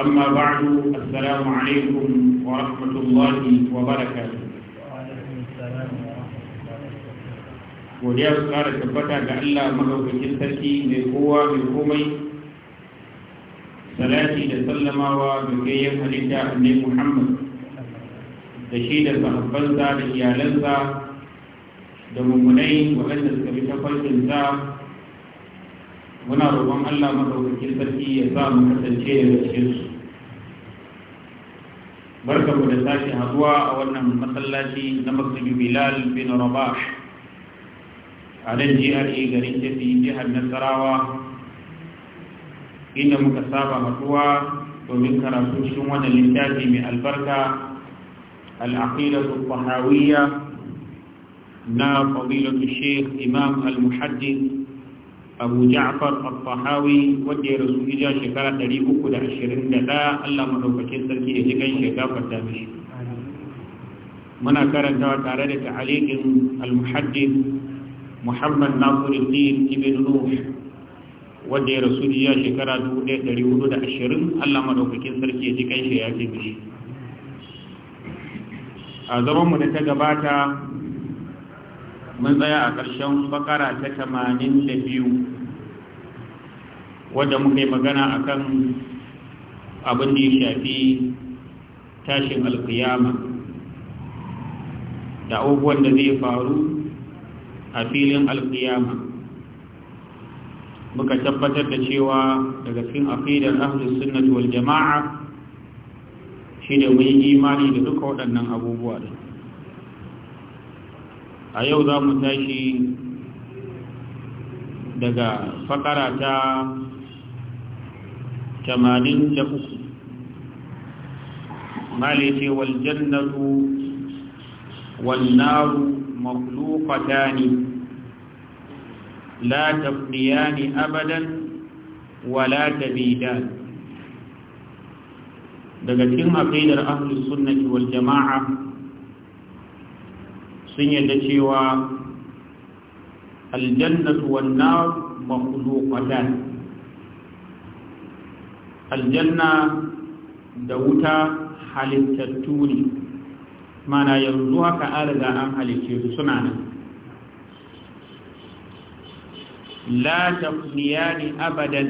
أما بعد السلام عليكم ورحمة الله وبركاته godiya su kara tabbata ga Allah madaukakin sarki mai kowa mai komai salati da sallamawa ga gayyen halitta annabi Muhammad da shi da sahabbansa da iyalansa da mummunai waɗanda suka bi tafarkinsa muna roƙon Allah madaukakin sarki ya sa mu kasance daga cikin su barkamu da sake haɗuwa a wannan masallaci na masjidu bilal bin rabah a nan GRA garin tafi jihar nasarawa inda muka saba haɗuwa domin karatu cikin wannan littafi mai albarka العقيدة na نا فضيلة Imam al المحدث abu ja'far al-fahawi wanda ya rasu hijira shekara 321 Allah madaukakin sarki ya ji gan shekafar da mishi muna karantawa tare da ta'aliqin al-muhaddith Muhammad Nasiruddin ibn Nuh wanda ya rasu hijira shekara 1420 Allah madaukakin sarki ya ji gan shi ya ji mishi a zaman mu da ta gabata mun tsaya a ƙarshen fakara ta tamanin da biyu wanda muka yi magana akan abin da ya shafi tashin alkiyama da abubuwan da zai faru a filin alkiyama muka tabbatar da cewa daga cikin afidar ahlus sunnah wal jama'a shi da mai imani da duka waɗannan abubuwa da. a yau za mu tashi daga fakara ta tamanin da uku malice wal jannatu wan naru makhluqatani la tafniyani abadan wala tabidan daga cikin aqidar ahlus sunnati wal jamaa sun yadda cewa aljannatu wan nar makhluqatan aljanna da wuta halittattu ne mana yanzu haka an an halicce su suna nan la tafniyani abadan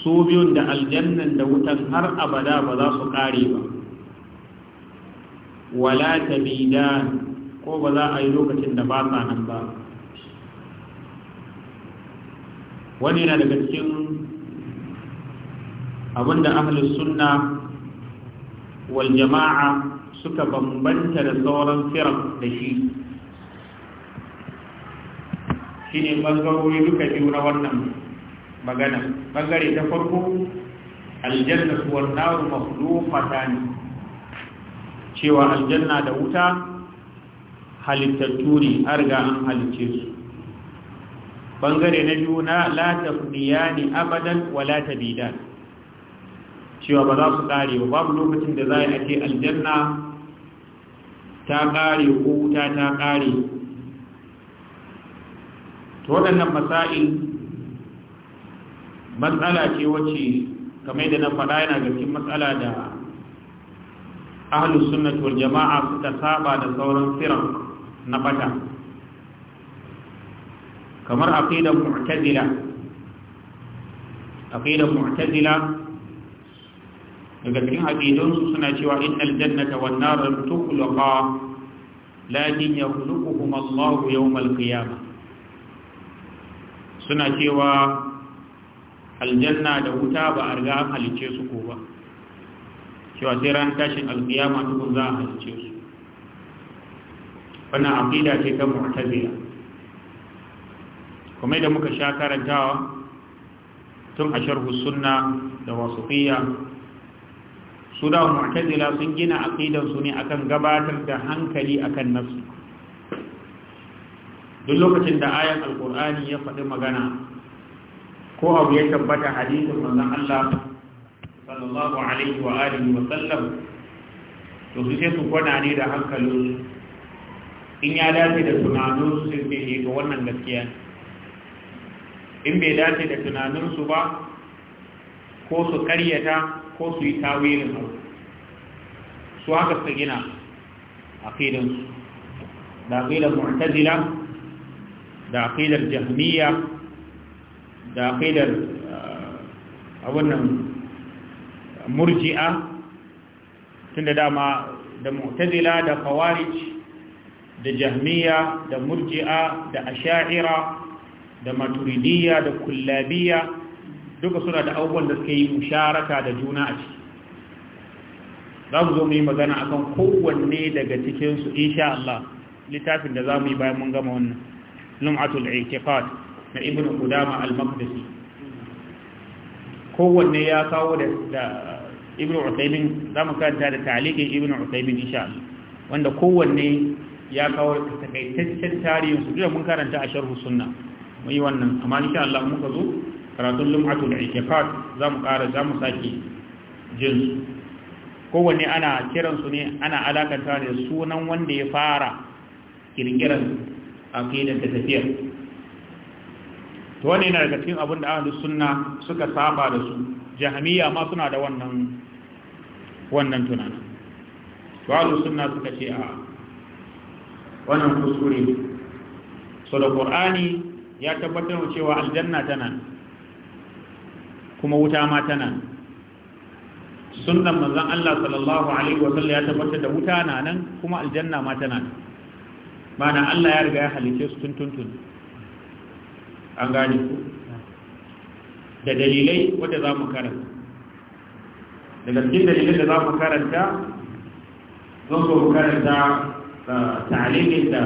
su biyun da aljannan da wutan har abada ba za su kare ba wala da ko ba za a yi lokacin da ba sa nan ba wani na daga cikin abinda ahlus sunna wal jama'a suka bambanta da sauran firar da shi shi ne ɓangarori duka biyu na wannan magana ɓangare ta farko aljanna suwar naru mahlufata ne cewa aljanna da wuta halittattu ne har ga an halicce su ɓangare na biyu na la tafniya ne abadan wa la tabidan cewa ba za su ƙare ba babu lokacin da za a ce aljanna ta ƙare ko wuta ta ƙare to waɗannan masa'il matsala ce wacce kamar da na faɗa yana ga cikin matsala da ahlus sunnati jama'a suka saba da sauran firar na bata kamar aqidar mu'tazila aqidar mu'tazila daga cikin aqidunsu suna cewa innal jannata wan nar tuqlaqa lakin yakhluquhum Allah yawm al-qiyamah suna cewa aljanna da wuta ba a riga an halice su ko ba cewa sai ran tashin alkiyama tukun za a halice su wannan aqida ce ta mu'tazila kuma da muka sha karantawa tun a sharhu sunna da wasiqiyya su da mu'tazila sun gina aqidan su ne akan gabatar da hankali akan nafsu duk lokacin da ayan alqur'ani ya faɗi magana ko abu ya tabbata hadisin manzon Allah sallallahu alaihi wa alihi wa sallam to su sai su kwana ne da hankalin in ya dace da tunaninsu sai su yi ga eh, wannan gaskiya in bai dace da tunaninsu ba ko su karyata ko su yi tawilin abu su haka suka gina aqidansu da aqidar mu'tazila da aqidar jahmiya da aqidar ah, abunnan murji'a da dama da mu'tazila da kawarij da jahmiya da murji'a da asha'ira da maturidiyya da kullabiya duka suna da abubuwan da suka yi musharaka da juna a ciki za mu zo mu yi magana a kan kowanne daga cikinsu insha Allah littafin da za mu yi bayan mun gama wannan lum'atul i'tiqad na ibn qudama al-maqdisi kowanne ya kawo da ibn utaymin za mu karanta da ta'liqin ibn utaymin insha Allah wanda kowanne ya kawo takaitaccen tarihin su duk mun karanta a sharh sunna mu yi wannan amma insha Allah muka zo karatun lum'atul ikifat za mu ƙara za mu sake jinsu kowanne ana kiransu ne ana alakanta da sunan wanda ya fara kirkiran aƙidar da tafiya. to wani yana daga cikin abin da ahlus sunna suka saba da su jahamiya ma suna da wannan wannan tunanin to ahlus sunna suka ce a wannan kuskure so da qur'ani ya tabbatar cewa aljanna tana kuma wuta ma tana sunnan manzon Allah sallallahu alaihi wasallam ya tabbatar da wuta na nan kuma aljanna ma tana mana Allah ya riga ya halice su tun tuntun an gane ku da dalilai wanda za mu karanta da cikin dalilai da za mu karanta zan so mu karanta ah, ta'alimin da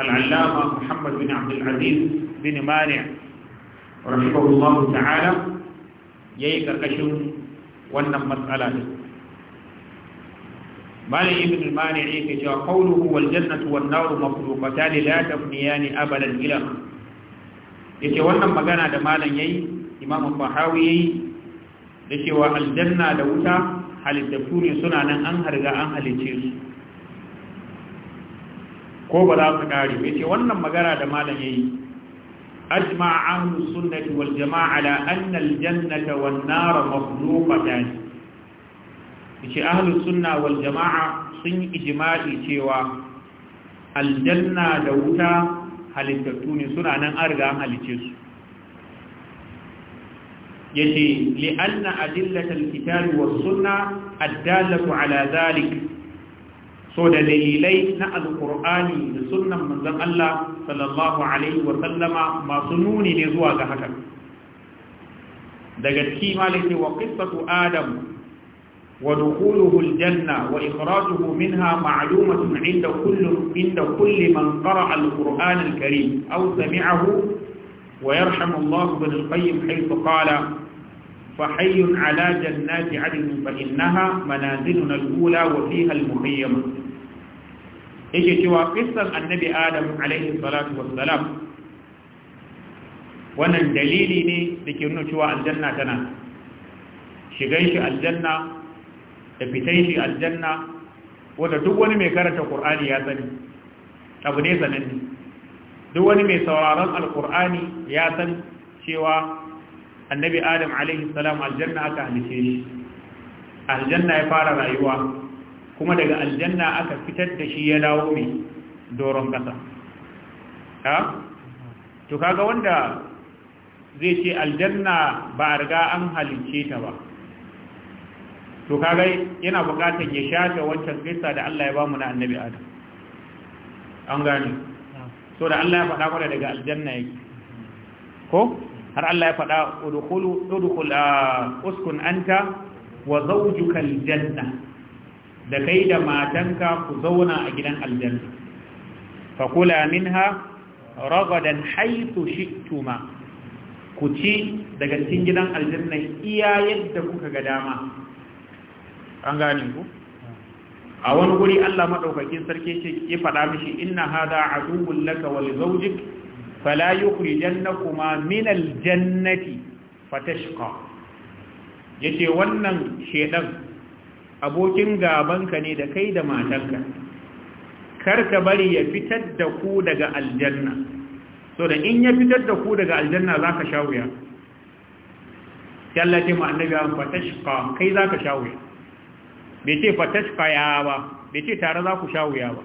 al'allama Muhammad bin Abdul Aziz bin Mani rahimahullahu ta'ala ya yi ƙarƙashin wannan matsala ne malin ibn al-mani'i ke cewa qawluhu wal jannatu wan naru makhluqatan la tafniyani abadan ila ce wannan magana da malan yayi imamu fahawi yayi da cewa aljanna da wuta halittattu ne suna nan an harga an halice su ko ba za su kare ce wannan magana da malan yayi أجمع أهل السنة والجماعة على أن الجنة والنار مخلوقتان إيش أهل السنة والجماعة sun ijimali cewa aljanna da wuta halittattu ne suna nan an riga an halice su yace li'anna adillatal kitabi was addalatu ala zalik so da dalilai na alkur'ani da sunnan manzon Allah sallallahu alaihi wa sallama masu nuni ne zuwa ga haka daga ciki wa qissatu adam wa dukhuluhu aljanna wa ikhrajuhu minha ma'lumatun 'inda kulli 'inda kulli man qara'a alqur'an alkarim aw sami'ahu wa yarhamu Allah ibn al-qayyim haythu qala فحي على جنات عدن فإنها منازلنا الأولى وفيها المخيمة yake cewa kissan annabi adam alaihi salatu wassalam wannan dalili ne da ke nuna cewa aljanna tana shigan shi aljanna da fitan shi aljanna wanda duk wani mai karanta Al-ƙur'ani ya sani abu ne sananne duk wani mai sauraron alqur'ani ya san cewa annabi adam alaihi salam aljanna aka halice shi aljanna ya fara rayuwa kuma daga aljanna aka fitar da shi ya dawo mai doron kasa ha to kaga wanda zai ce aljanna ba a riga an halicce ta ba to kaga yana bukatar ya shafe wancan kisa da Allah ya ba mu na annabi adam an gane so da Allah ya faɗa mana daga aljanna yake ko har Allah ya faɗa udkhulu udkhul ah, uskun anta wa zawjuka aljanna da kai da matanka ku zauna a gidan aljanna fa kula minha ragadan haythu shi'tuma ku ci daga cikin gidan aljanna iya yadda kuka ga dama an gane ku a wani guri Allah madaukakin sarki ce ya faɗa mishi inna hadha aduwwun laka wa li zawjik fala yukhrijannakuma min aljannati fatashqa yace wannan shedan abokin gabanka ne da kai da Kar karka bari ya fitar da ku daga aljanna so da in ya fitar da ku daga aljanna za ka sha wuya yalla ma annabi an fatashqa kai za ka sha bai ce fatashqa ya ba bai ce tare za ku shawuya ba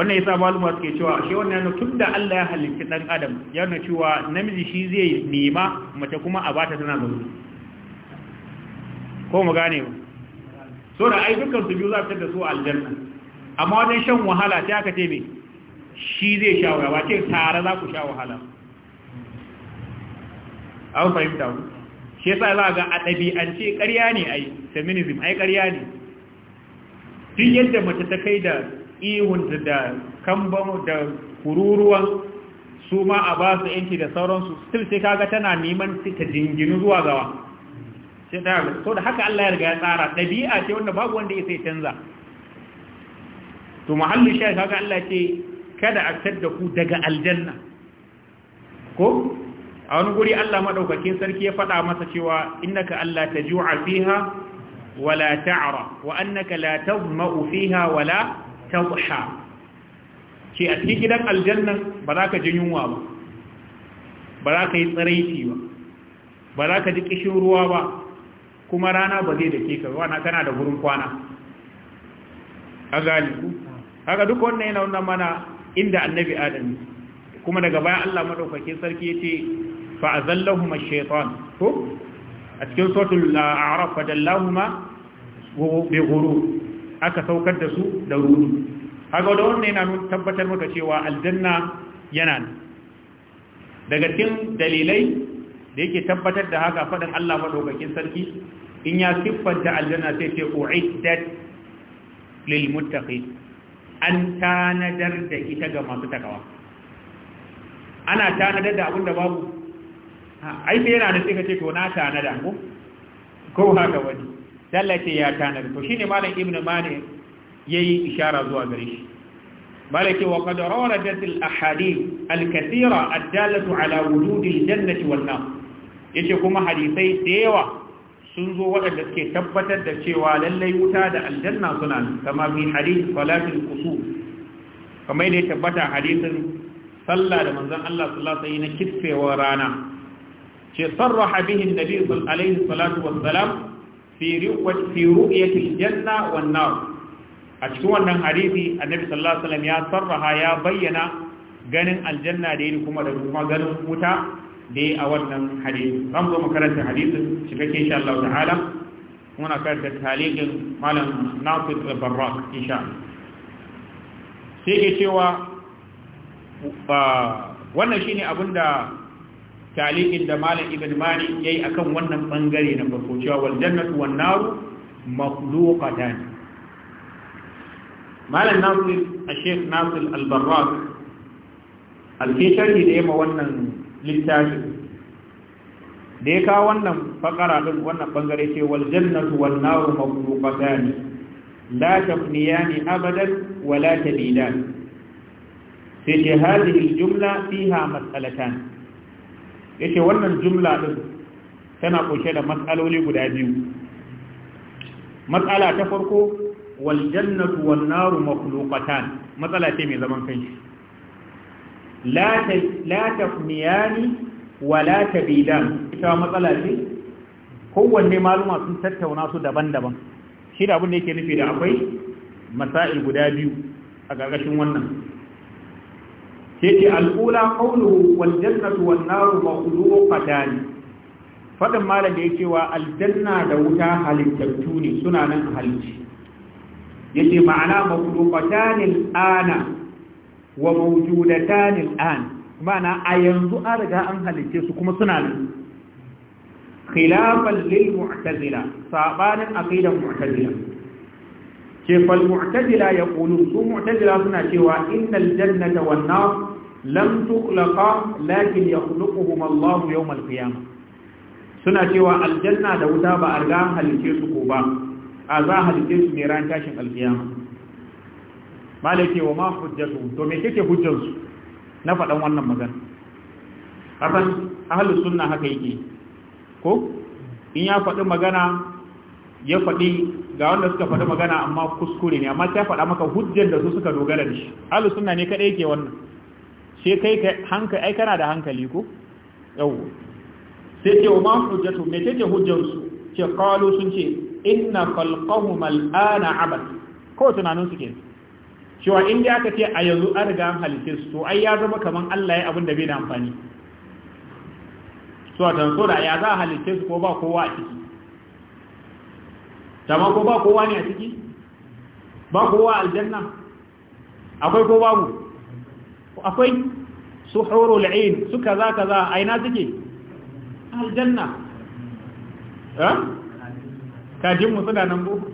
wannan yasa maluma suke cewa shi wannan yana tun da Allah ya halitta dan adam yana cewa namiji shi zai nema mace kuma a bata tana zaune ko mu gane mu dora da ai dukkan su biyu za ta da su aljanna amma wajen shan wahala ta aka ce me shi zai sha wahala wace tare za ku sha wahala an fahimta ku shi yasa za ga a ɗabi'ance ƙarya ne ai feminism ai ƙarya ne Tun yadda mace ta kai da ihun da kamban da kururuwan su ma a ba su yanki da sauransu still sai kaga tana neman ta jinginu zuwa gawa sai ta halaka sau da haka Allah ya riga ya tsara ɗabi'a ce wanda babu wanda ya sai canza to muhalli shayi haka Allah ce kada a fitar da ku daga aljanna ko a wani guri Allah maɗaukakin sarki ya faɗa masa cewa innaka Allah ta ju'a fiha wala ta'ara wa annaka la tazma'u fiha wala tadhha ce a cikin gidan aljannan ba za ka ji yunwa ba ba za ka yi tsiraiti ba ba za ka ji kishin ruwa ba kuma rana ba zai da ke ka wana kana da gurin kwana a galibu haka duk wannan yana wannan mana inda annabi adam kuma daga bayan Allah madaukakin sarki yace fa azallahuma ash-shaytan ko a cikin suratul ah, a'raf fadallahuma bi ghurur aka saukar da su da rudu haka da wannan yana nuna tabbatar maka cewa aljanna yana nan daga cikin dalilai da yake tabbatar da haka faɗin Allah madaukakin sarki in ya siffanta aljanna sai ce uiddat lil muttaqin an tanadar da ita ga masu takawa ana tanadar da abin da babu ai sai yana da sai ka to na tanada ko ko haka wani Allah ce ya tanada to shine malam ibnu malik yayi ishara zuwa gare shi مالك وقد روردت الأحاديث الكثيرة الدالة على وجود الجنة kuma hadisai da yawa. sun zo waɗanda suke tabbatar da cewa lallai wuta da aljanna suna nan kama fi hadith salatul kusuf kamar da ya tabbata hadithin sallah da manzon Allah sallallahu alaihi na kitfewa rana ce sarraha bihi nabi alaihi salatu wassalam fi ru'yati fi ru'yati aljanna wan nar a cikin wannan hadisi annabi sallallahu alaihi wasallam ya sarraha ya bayyana ganin aljanna da yake kuma da kuma ganin wuta dai a wannan hadisi zan zo makaranta shi kake insha Allah ta'ala muna karanta talibin malam Nasir al-Barrak insha sai ke cewa wannan shine abinda talibin da malam Ibn Mani yayi akan wannan bangare na farko cewa wal jannatu wan naru makhluqatan malam Nasir al-Sheikh Nasir al-Barrak alke sharhi da yamma wannan littafin da ya kawo wannan fakara ɗin wannan bangare ce wal jannatu wan naru makhluqatan la tafniyani abadan wa la tabidan sai ce hadhihi jumla fiha mas'alatan yace wannan jumla ɗin tana kunshe da matsaloli guda biyu Matsala ta farko wal jannatu wan naru makhluqatan matsala ce mai zaman kanshi la tafniyani wa la tabidan ita matsala ce kowanne maluma sun tattauna su daban-daban shi da abin da yake nufi da akwai masail guda biyu a gargashin wannan ce al'ula qawluhu wal jannatu wan naru Fatani. fadin malam da ya wa aljanna da wuta halittattu ne suna nan halici yace ma'ana makhluqatan Ana. wa mawjudatan al'an mana a yanzu an riga an halice su kuma suna nan khilafan lil mu'tazila sabanin aqidan mu'tazila ce fal mu'tazila yaqulu su mu'tazila suna cewa innal jannata wan nar lam tuqlaqa lakin yakhluquhum Allah yawm al suna cewa aljanna da wuta ba a riga an halice su ko ba a za halice su ne ran tashin al malaki wa ma hujjatu to me kike hujjar su na faɗan wannan magana hasan ahlus sunna haka yake ko in ya faɗi magana ya faɗi ga wanda suka faɗi magana amma kuskure ne amma ta faɗa maka hujjar da su suka dogara da shi ahlus sunna ne kada yake wannan sai kai hanka ai kana da hankali ko yau sai ce wa ma hujjatu me kike hujjar su ce qalu sun ce inna khalqahum al'ana abad ko tunanin su kenan cewa in da aka ce a yanzu an riga an halitta su to ai ya zama kaman Allah ya abin da bai da amfani so tan so da ya za a halitta su ko ba kowa a ciki tamam ko ba kowa ne a ciki ba kowa aljanna akwai ko babu akwai su hurul ain su kaza kaza aina suke aljanna eh kajin mu suna nan boko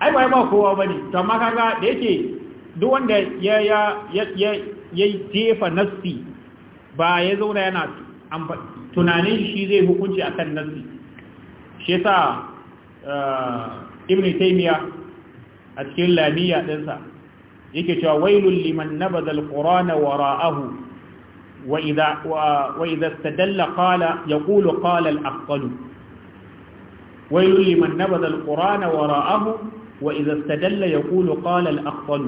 ai ba ba kowa bane to amma kaga da yake duk wanda ya ya ya ya jefa nassi ba ya zauna yana tunanin shi zai hukunci akan nassi shi yasa eh, ibn taymiya a cikin lamiya dinsa yake cewa wailul liman nabadha alqur'ana wara'ahu wa idha wa idha istadalla qala yaqulu qala al-aqtalu wailul liman nabadha alqur'ana wara'ahu wa idza stadalla yaqulu qala al-aqfal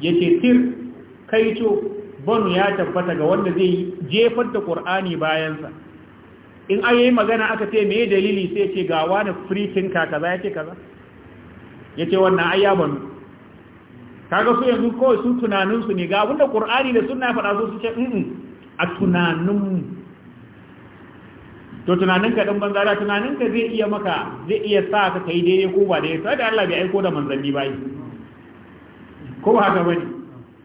yace tir kaito banu ya tabbata ga wanda zai jefar da qur'ani bayan sa in ayi magana aka ce meye dalili sai ce ga wani free thinker kaza yace kaza yace wannan ayya banu kaga su yanzu kawai su tunanin su ne ga abinda qur'ani da sunna faɗa su su ce a tunanin to tunaninka din banza da tunaninka zai iya maka zai iya sa ka kai daidai ko ba daidai sai da Allah bai aiko da manzanni ba yi ko ba haka bane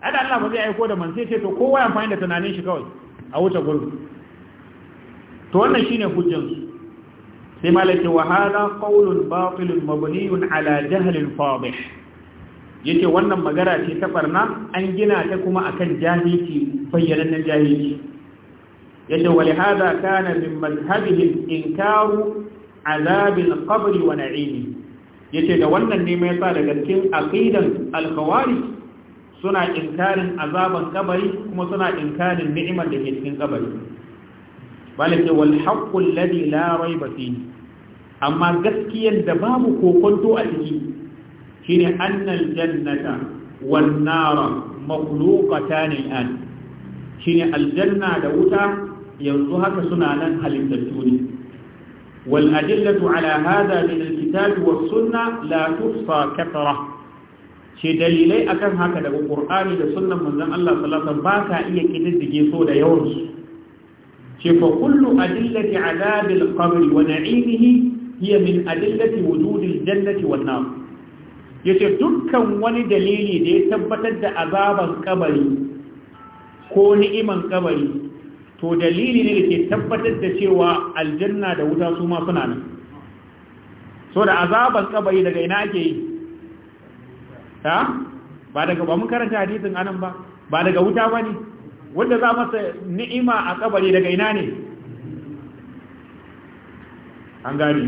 ada Allah ba zai aiko da manzanni sai to kowa ya amfani da tunanin shi kawai a wuce gurbi to wannan shine hujjan su sai malaka wa hada qawlun batilun mabniyun ala jahlin fadih yace wannan magana ce ta barna an gina ta kuma akan jahilci bayyanannen jahilci yace wali hada kana min madhhabihim inkaru azabil qabr wa na'imi yace da wannan ne mai sa daga cikin aqidan al-khawarij suna inkarin azaban kabari kuma suna inkarin ni'imar da ke cikin kabari balake wal haqqu alladhi la rayba fihi amma gaskiyan da babu kokonto a ciki shine annal jannata wan nara makhluqatan an shine aljanna da wuta yanzu haka suna nan halittattu ne wal adillatu ala hada min alkitabi was sunna la tuhsa ce dalilai akan haka daga qur'ani da sunnan manzon Allah sallallahu alaihi wasallam iya kididdige so da yawan su ce fa kullu adillati adabil qabr wa na'imihi hiya min adillati wujudil jannati wan nar yace dukkan wani dalili da ya tabbatar da azaban kabari ko ni'iman kabari to dalili ne da ke tabbatar da cewa aljanna da wuta su ma suna nan so da azabar kabari daga ina ake yi ta ba daga ba mun karanta hadisin anan ba ba daga wuta ba ne wanda za masa ni'ima a kabari daga ina ne an gani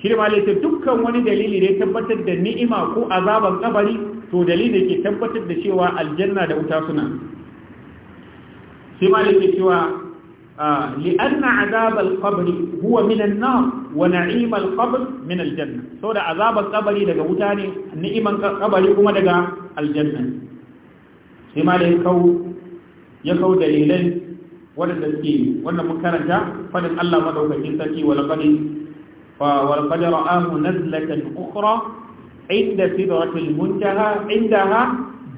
shi da malaita dukkan wani dalili da ya tabbatar da ni'ima ko azaban kabari to dalili da ke tabbatar da cewa aljanna da wuta suna sai ma da ke cewa ah, li'anna azabal qabri huwa min an wa na'im al min aljanna janna da azabar kabari daga wuta ne ni'iman kabari kuma daga aljanna sai ma da ya kau dalilai wadanda suke wannan mun karanta fadin Allah madaukakin sarki wal qadi ولقد رآه نزلة أخرى عند سدرة المنتهى عندها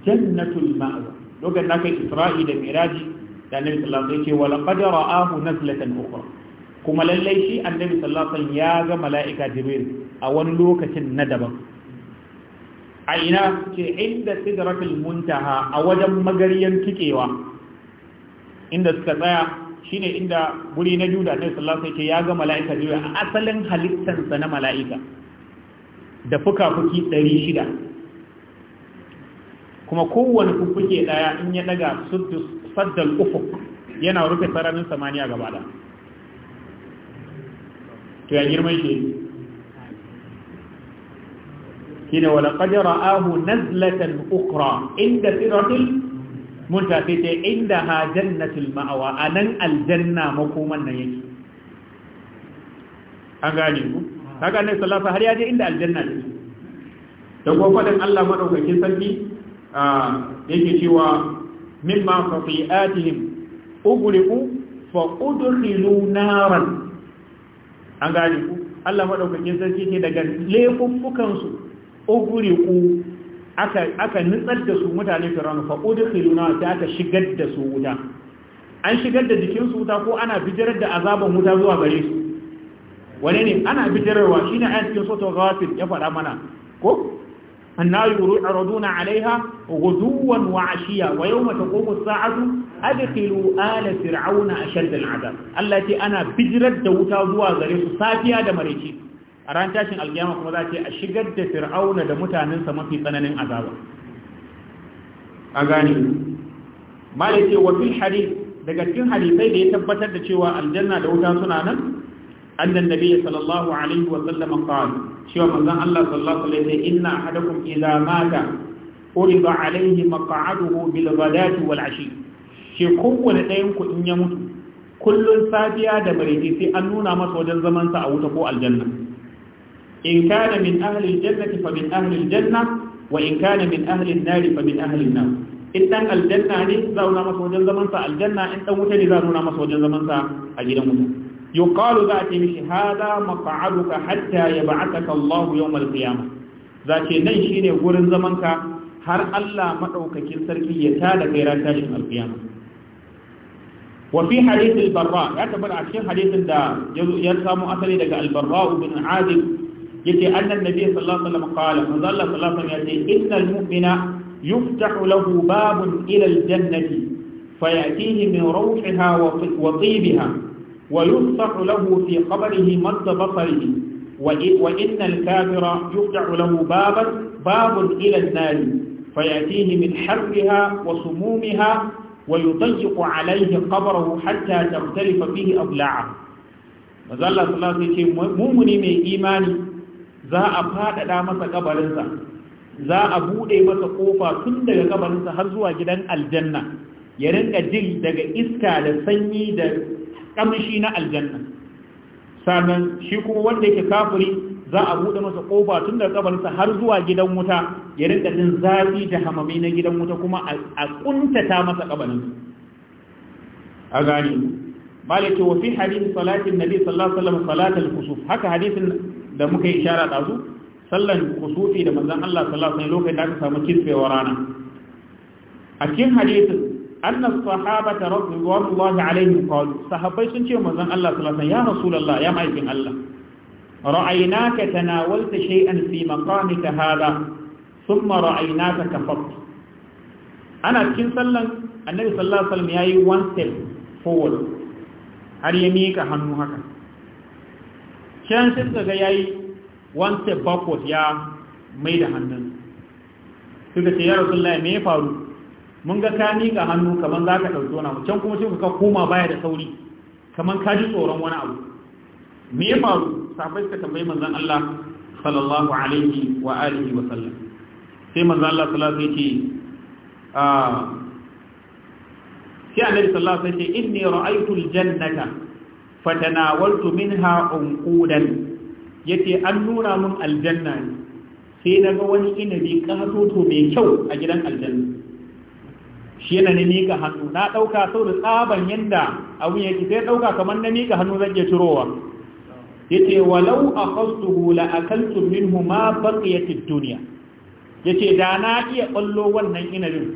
جنة المأوى لو kai في da Miraji. da annabi sallallahu alaihi sallam yake wala qad ra'ahu nazlatan ukhra kuma lallai shi annabi sallallahu alaihi sallam ya ga mala'ika jibril a wani lokacin na daban a ina ce inda sidratul muntaha a wajen magariyan tikewa inda suka tsaya shine inda guri na juda annabi sallallahu alaihi ya ga mala'ika jibril a asalin sa na mala'ika da fuka-fuki 600 kuma kowane fuffuke daya in ya daga suddus saddal ufuk yana rufe sararin samaniya gaba da to ya girma shi shine wala qad ra'ahu nazlatan ukra inda siratil muntafi ta inda ha jannatul ma'awa anan aljanna makoman nan yake an gane ku kaga ne sallafa har ya je inda aljanna take da gofadan Allah madaukakin sarki ah, yake cewa mimma khati'atihim ughliqu fa udkhilu naran an gane ku Allah madaukakin sarki ce daga laifuffukan su ughliqu aka aka nutsar da su mutane fir'auna fa udkhilu naran sai aka shigar da su wuta an shigar da jikinsu su wuta ko ana bijirar da azaban wuta zuwa gare su wane ne ana bijirarwa shine ayatin sota ghafir ya faɗa mana ko النار يعرضون عليها غدوا وعشيا ويوم تقوم الساعة أدخلوا آل فرعون أشد العذاب التي أنا بجرت دوتا زوا غريس ساتيا دمريتي أران تاشن القيامة كما ذاتي أشقد فرعون دمتا ننسى ما في قنن عذاب أغاني مالتي وفي الحديث daga cikin hadisai da ya tabbatar da cewa aljanna da wuta suna nan annan nabi sallallahu alaihi wa sallam qala cewa manzon Allah sallallahu alaihi wasallam inna ahadakum idza mata urida alaihi maq'aduhu bil ghadati wal ashi shi kowanne ɗayan ku in ya mutu kullun safiya da maraice sai an nuna masa wajen zaman sa a wuta ko aljanna in kana min ahli aljannati fa min ahli aljanna wa in kana min ahli an-nar fa min ahli an-nar in dan aljanna ne za a nuna masa wajen zaman sa aljanna in dan wuta ne za a nuna masa wajen zaman sa a gidan wuta yuqalu za a ce mishi hada maq'aduka hatta yab'athaka Allah yawm al-qiyamah za ce nan shine gurin zamanka har Allah madaukakin sarki ya tada kai ran tashin al-qiyamah wa fi hadith al-barra ya tabbata a cikin hadithin da ya samu asali daga al-barra ibn azib yace annan nabi sallallahu alaihi wasallam qala manzo Allah sallallahu alaihi wasallam yace innal mu'mina yuftahu lahu babun ila al-jannati fayatihi min rawhiha wa tibiha ويفتح له في قبره مد بصره وإن الكافر يفتح له بابا باب إلى النار فيأتيه من حرها وسمومها ويضيق عليه قبره حتى تختلف فيه أضلاعه abula'a. sallallahu alaihi ce mumuni mai imani za a faɗaɗa masa kabarinsa za a buɗe masa ƙofa tun daga kabarinsa har zuwa gidan aljanna ya rinka jin daga iska da sanyi da kamshi na aljanna sannan shi kuma wanda yake kafiri za a buɗe masa ƙofa tun da kabarinsa har zuwa gidan wuta ya rinka jin zafi da hamami na gidan wuta kuma a kuntata masa kabarin a gani malaka wa fi hadith salatin nabi sallallahu alaihi wasallam salatul kusuf haka hadisin da muka yi ishara da su sallan kusufi da manzon Allah sallallahu alaihi wasallam lokacin da aka samu rana a cikin hadisin anna sahabata radiyallahu alaihim qalu sahabbai sun ce manzon Allah sallallahu alaihi wasallam ya rasulullah ya maikin Allah ra'aynaka tanawalta shay'an fi maqamika hada thumma ra'aynaka kafatta ana cikin sallan annabi sallallahu alaihi wasallam yayi one step forward har ya mika hannu haka can sai daga yayi one step backward ya mai da hannun suka ce ya rasulullahi me ya faru mun ga ka miƙa hannu kamar za ka ɗauki wani abu can kuma shi ka koma baya da sauri kamar ka ji tsoron wani abu me ya faru safai suka tambayi manzon Allah sallallahu alaihi wa alihi wa sallam sai manzon Allah sallallahu alaihi wa a ah, sai annabi sallallahu alaihi yake inni ra'aytu aljannata fatanawaltu minha unqudan yace an nuna mun aljanna ne sai na ga wani inabi to mai kyau a gidan aljanna shi yana ne hannu na ɗauka sau da tsaban yadda abin yake sai ɗauka kamar na miƙa hannu zan iya turowa. ya ce walau a kwastuhu la'akaltu min huma baƙiyatin duniya ya ce da na iya ƙwallo wannan inabin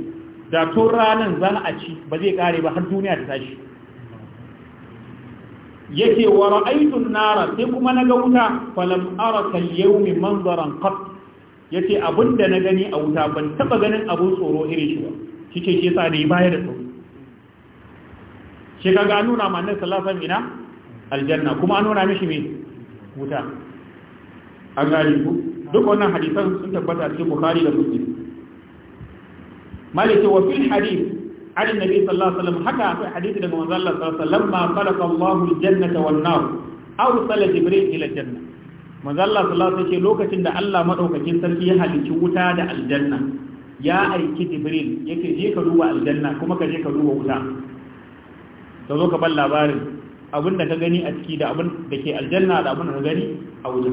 da tun ranar za a ci ba zai ƙare ba har duniya ta tashi ya ce wa ra'aitun nara sai kuma na ga wuta falam yau mai manzaran kaf ya ce abin da na gani a wuta ban taɓa ganin abin tsoro irin shi ba shi ce shi sa da yi baya da tsoro shi an nuna ma annabi sallallahu alaihi wasallam aljanna kuma an nuna mishi me wuta an gani ku duk wannan hadisan sun tabbata cikin bukhari da muslim malike wa fil hadith عن النبي صلى الله عليه وسلم حكى في حديث لما صلى الله عليه وسلم لما خلق الله الجنة والنار أوصل جبريل إلى الجنة manzo Allah sallallahu alaihi wasallam lokacin da Allah madaukakin sarki ya halicci wuta da aljanna ya aiki jibril yake je ka duba aljanna kuma ka je ka duba wuta ka zo ka ban labarin abin da ka gani a ciki da abin da ke aljanna da abin da ka gani a wuta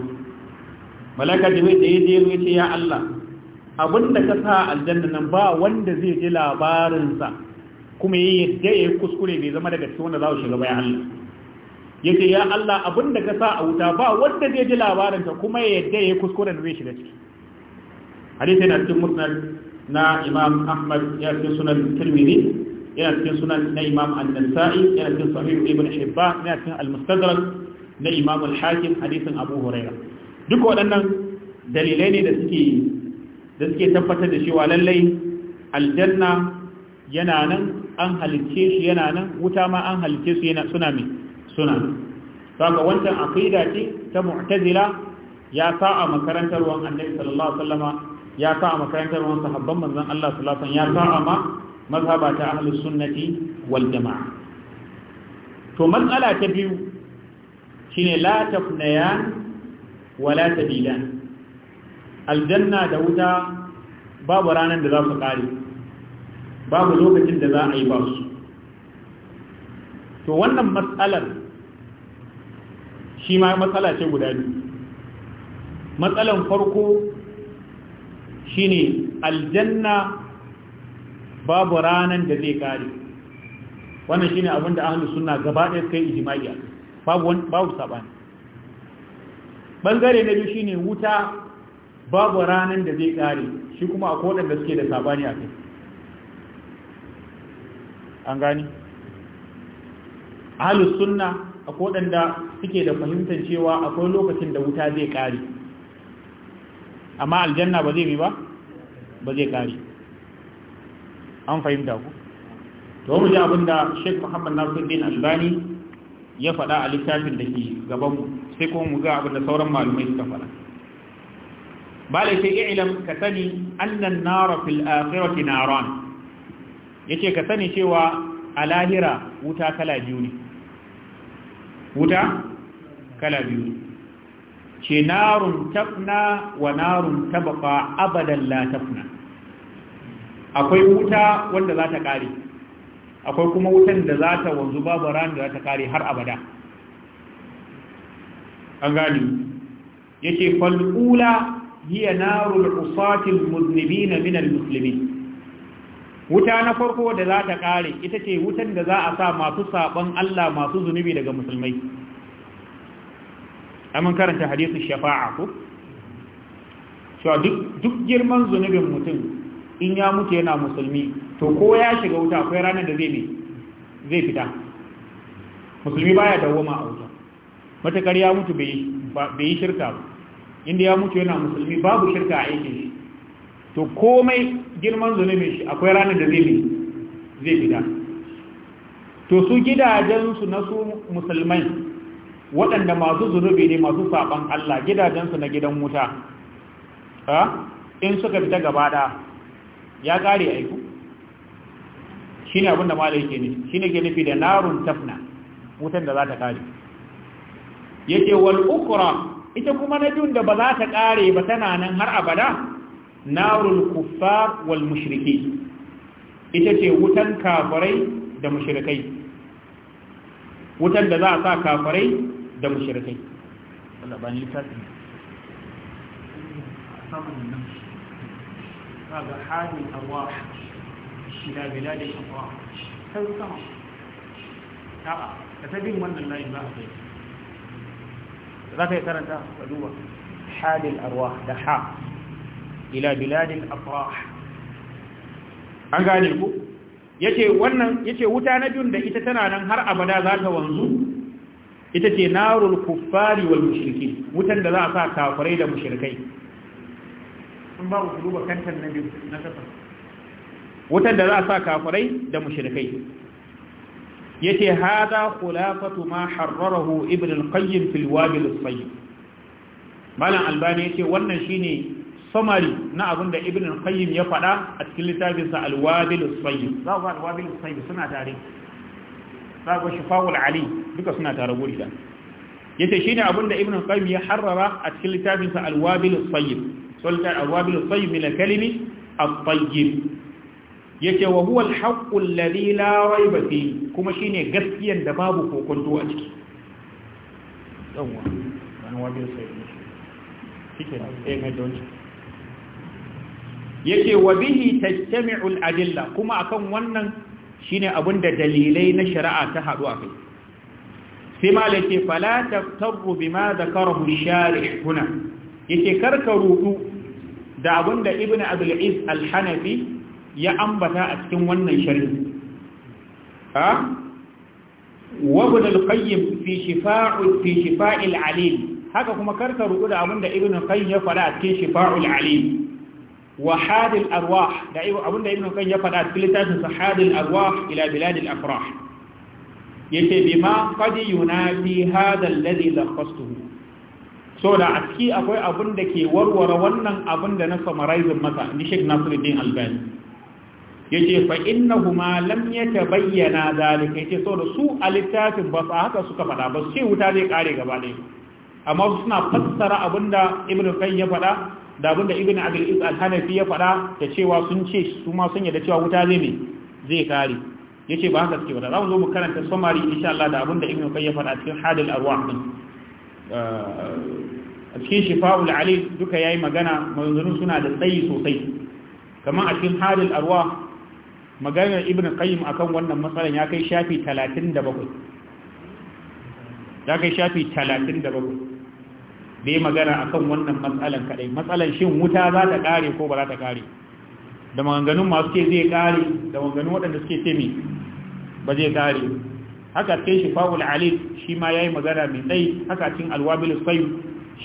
malaka jibril da ya je ya ce ya Allah abin da ka sa aljanna nan ba wanda zai ji labarinsa kuma ya yadda ya kuskure bai zama daga cikin wanda za su shiga bayan Allah ya ce ya Allah abin da ka sa a wuta ba wanda zai ji labarinsa kuma ya yadda ya kuskure da zai shiga ciki hadisi na cikin musnad na imam ahmad ya fi sunan tirmidhi yana cikin sunan na imam an-nasa'i yana cikin sahih ibn Hibba, yana cikin al-mustadrak na imam al-hakim hadisin abu huraira duk waɗannan dalilai ne da suke da suke tabbatar da cewa lallai aljanna yana nan an halice shi yana nan wuta ma an halice su yana suna mai suna saka wancan aqida ce ta mu'tazila ya sa'a makarantar wan annabi sallallahu alaihi wasallama ya sa makarantar wani sahabban manzon Allah sallallahu alaihi wasallam ya sa ma mazhaba ta ahlus sunnati wal jamaa to matsala ta biyu shine la tafnaya wa la tabila aljanna da wuta babu ranar da za su kare babu lokacin da za a yi ba su to wannan matsalar shi ma matsala ce guda biyu matsalan farko shine aljanna babu ranan da zai kare wannan shine abin da ahlus sunna gaba ɗaya kai yi ijma'i babu babu sabani bangare na biyu shine wuta babu ranan da zai kare shi kuma akwai wadanda suke da sabani a kai an gani ahlus sunna akwai wadanda suke da fahimtar cewa akwai lokacin da wuta zai kare amma aljanna ba zai bi ba ba zai kare an fahimta ku to mu ji abin da Sheikh Muhammad Nasiruddin Albani ya faɗa a littafin da ke gaban mu sai kuma mu ga abin da sauran malumai suka faɗa bale sai i'lam ka sani annan nara fil akhirati naran yace ka sani cewa a lahira wuta kala biyu ne wuta kala biyu ne ce narun tafna wa narun tabqa abadan la tafna akwai wuta wanda za ta kare akwai kuma wutan da za ta wanzu babu ran da za ta kare har abada an gani yace fal ula hiya narul usatil muznibina min al wuta na farko da za ta kare ita ce wutan da za a sa masu saban Allah masu zunubi daga musulmai amin karanta hadisun shafa'a ko cewa duk girman zunubin mutum in ya mutu yana musulmi to ko ya shiga wuta akwai ranar da zai zai fita musulmi baya dawoma a wuta matakar ya mutu bai yi shirka ba inda ya mutu yana musulmi babu shirka a aikin shi to komai girman zunubin shi akwai ranar da zai zai fita to su gidajensu na su musulmai waɗanda masu zunubi ne masu saɓan Allah gidajensu na gidan wuta in suka fita gabaɗa ya ƙare aiku shi ne abinda malai ke nufi shi ne ke nufi da narun tafna wutan da za ta ƙare yake ce ukura ita kuma na biyun da ba za ta ƙare ba tana nan har abada narun kufa wal mushriki ita ce wutan kafarai da mushrikai wutan da za a sa kafarai da mushrikai Allah ba ni littafi nan hadin da wannan a kai za ka yi karanta ka duba hadin arwah da ha ila biladin afrah an gane ku yace wannan yace wuta na biyun da ita tana nan har abada za ta wanzu ita ce narul kuffari wal mushriki wutan da za a sa kafirai da mushrikai sun ba duba kantan na biyu na safa wutan da za a sa kafirai da mushrikai yace hada khulafatu ma harrarahu ibn al-qayyim fil wabil as-sayyib malam albani yace wannan shine summary na abin da ibn al-qayyim ya faɗa a cikin littafinsa al-wabil as za ku al-wabil as suna tare za shi shifawul ali duka suna tare guri da yace shine abin ibnu qayyim ya harrara a cikin littafinsa sa al-wabil as-sayyib min at-tayyib yace wa huwa al alladhi la rayba fihi kuma shine gaskiyan da babu kokonto a ciki eh mai don yace wa bihi tajtami'u al-adilla kuma akan wannan ne abin da dalilai na shari'a ta haɗu a kai sai malake fala taftaru bima zakarahu sharih huna yake karka rudu da abin da Ibn abdul iz al-hanafi ya ambata a cikin wannan sharhi ha wa ibn fi shifa'u fi shifa'il alim haka kuma karka rudu da abin da Ibn qayyim ya fara a cikin shifa'ul alim wa hadil arwah da abinda ibn kan ya faɗa cikin littafin sa hadil arwah ila biladil afrah yace bima qad yunafi hadha alladhi lakhastuhu so da aski akwai abin da ke warware wannan abin da na summarizing masa ni Sheikh Nasiruddin Albani yace fa innahuma lam yatabayyana zalika yace so da su a littafin ba sa haka suka faɗa ba sai wuta zai kare gaba ɗaya amma suna fassara abinda ibn kan ya fada. da abin da ibn abil is al-hanafi ya faɗa da cewa sun ce su ma sun yadda cewa wuta zai ne zai kare yace ba haka suke ba za mu zo mu karanta summary insha Allah da da ibn qayyim ya faɗa cikin hadil arwah din uh, a cikin shifa'ul ali duka yayi magana manzurun suna da tsayi sosai kamar a cikin hadil arwah magana ibn qayyim akan wannan matsalan ya kai shafi 37 ya kai shafi 37 da yi magana akan wannan matsalan kadai matsalan shin wuta za ta kare ko ba za ta kare da maganganun masu ke zai kare da maganganun waɗanda suke teme ba zai kare haka shi Fa'ul alif shi ma ya yi magana mai tsayi haka cin alwabil sayu